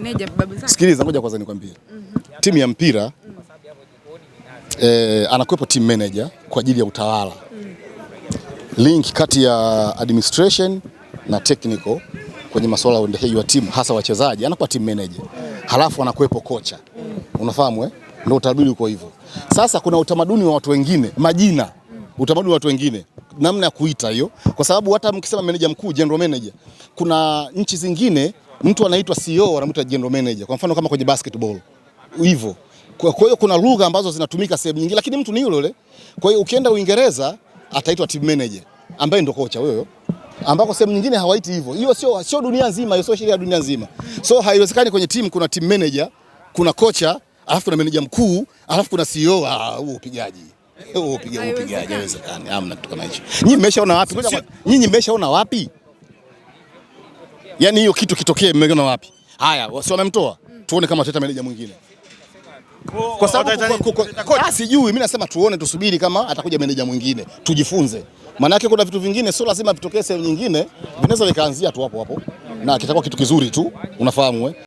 meneja zake. Sikiliza, ngoja kwanza nikwambie. mm -hmm. Timu ya mpira mm -hmm. eh, anakuwepo team manager kwa ajili ya utawala mm -hmm. link kati ya administration na technical kwenye masuala ya uendeshaji wa timu hasa wachezaji, anakuwa team manager mm -hmm. halafu anakuwepo kocha mm -hmm. unafahamu eh? Ndio utaratibu uko hivyo. Sasa kuna utamaduni wa watu wengine majina mhm. utamaduni wa watu wengine namna ya kuita hiyo, kwa sababu hata mkisema meneja mkuu general manager, kuna nchi zingine mtu anaitwa CEO anamuita general manager, kwa mfano kama kwenye basketball hivyo. Kwa hiyo kuna lugha ambazo zinatumika sehemu nyingi, lakini mtu ni yule yule. Kwa hiyo ukienda Uingereza ataitwa team manager ambaye ndo kocha huyo, ambako sehemu nyingine hawaiti hivyo. Hiyo sio sio dunia nzima, hiyo sio sheria ya dunia nzima. So haiwezekani kwenye team kuna team manager, kuna kocha, alafu kuna manager mkuu, alafu kuna CEO. Ah, huo upigaji huo upigaji, haiwezekani. Hamna kitu kama hicho. Nyinyi mmeshaona wapi? Nyinyi mmeshaona wapi? Yaani hiyo kitu kitokee, mmeona wapi? Haya, si wamemtoa, tuone kama teta meneja mwingine kwa sababu sijui, mimi nasema tuone, tusubiri kama atakuja meneja mwingine, tujifunze. Maanake kuna vitu vingine sio lazima vitokee sehemu nyingine, vinaweza vikaanzia tu hapo hapo na kitakuwa kitu kizuri tu, unafahamu eh?